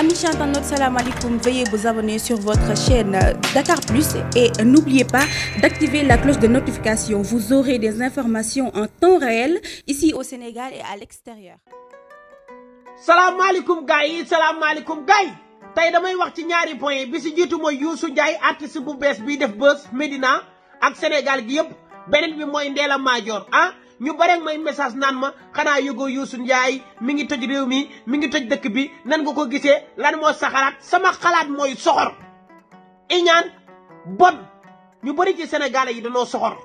Amis internautes, salam alaikum. Veuillez vous abonner sur votre chaîne Dakar Plus et n'oubliez pas d'activer la cloche de notification. Vous aurez des informations en temps réel ici au Sénégal et à l'extérieur. Salam alaikum gaay, salam alaikum gaay. Tay damay wax ci ñaari point bi ci jitu moy Youssou Ndiaye artiste bu bess bi def buzz médina ak Sénégal gi yépp. Benen bi moy Ndella Madior, ah. ñu bare may message naan ma xanaa yëgoo Youssou Ndiaye mi ngi toj réew mi mi ngi toj dëkk bi nan nga ko gisee lan moo sa sama xalaat mooy soxor iñaan bon ñu bëri ci Sénégalais yi danoo soxor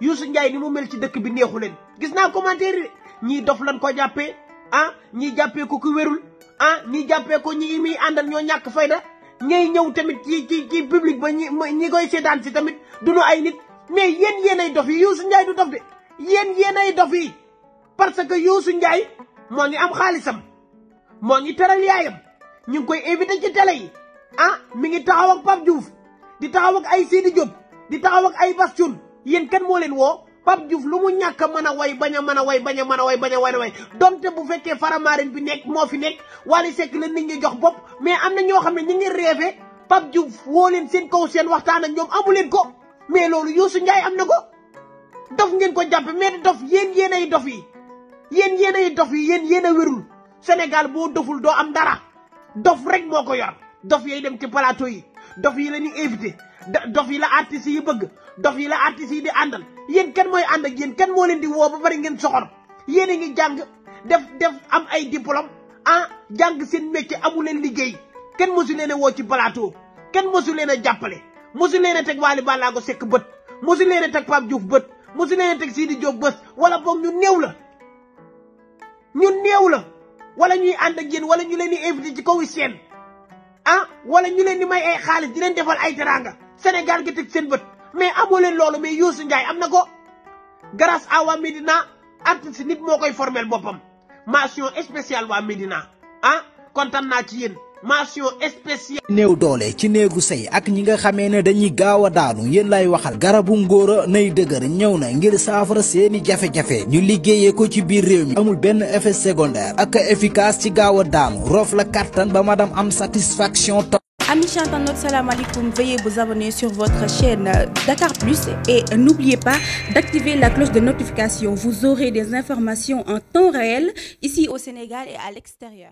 Youssou Ndiaye ni mu mel ci dëkk bi neexu leen gis naa commentaire ñii dof lan koo jàppee a ah, ñii jàppee ko ku wérul ah ñii jàppee ko ñi muy àndal ñoo ñàkk fayda ngay ñëw tamit ci ci ci public ba ñi ñi koy seetaan si tamit du duñu ay nit mais yéen yéen ay dof yi Youssou Ndiaye du dof de yéen yéenay dof yi parce que Youssou Ndiaye moo ñu am xaalisam moo ngi teral yaayam ñu ngi koy invité ci télé yi ah mi ngi taxaw ak Pape Diouf di taxaw ak ay Sidi Diop di taxaw ak ay Bastoun yéen kenn moo leen woo Pape Diouf lu mu ñàkk a mën a way bañ a mën a way bañ a mën a way bañ a mën a way donte bu fekkee faramarin bi nekk moo fi nekk Wally Seck la nit ñi jox bopp mais am na ñoo xam ne ñu ngi rêvé Pape Diouf woo leen seen kaw seen waxtaan ak ñoom amu leen ko mais loolu Youssou Ndiaye am na ko. dof ngeen ko jàppe mais dof yéen yéen ay dof yi yéen yéen ay dof yi yéen yéen a wérul Sénégal boo doful doo am dara dof rek moo ko yor dof yooyu dem ci palaato yi dof yi la ñuy invité dof yi la artistes yi bëgg dof yi la artistes yi di àndal yéen kenn mooy ànd ak yéen kan moo leen di woo ba bari ngeen soxor yéen a ngi jàng def def am ay diplôme a ah, jàng seen métier amu leen liggéey kenn mosu leen a woo ci plateau kenn mosu leen a jàppale mosu leen a teg Waly Ballago Seck bët mosu leen a teg Pape Diouf mosu leen a sii di Diop bés wala boog ñu néew la ñu néew la wala ñuy ànd ak yéen wala ñu leen di invité ci kaw seen ah wala ñu leen di may ay xaalis ji leen defal ay teranga Sénégal gi teg seen bët mais amoo leen loolu mais Youssou Ndiaye am na ko grâce à waa Médina artiste nit moo koy formel boppam mention spéciale waa Médina ah kontaan naa ci yéen mention spéciale. néew doole ci néegu sëy ak ñi nga xamee ne dañuy gaaw a daanu yéen lay waxal garabu ngóor nay dëgër ñëw na ngir saafara seeni jafe-jafe ñu liggéeyee ko ci biir réew mi amul benn effet secondaire ak efficace ci gaaw a daanu roof la kattan ba ma madame am satisfaction to Amis chantants, notre salam alaikum. Veuillez vous abonner sur votre chaîne Dakar Plus et n'oubliez pas d'activer la cloche de notification. Vous aurez des informations en temps réel ici au Sénégal et à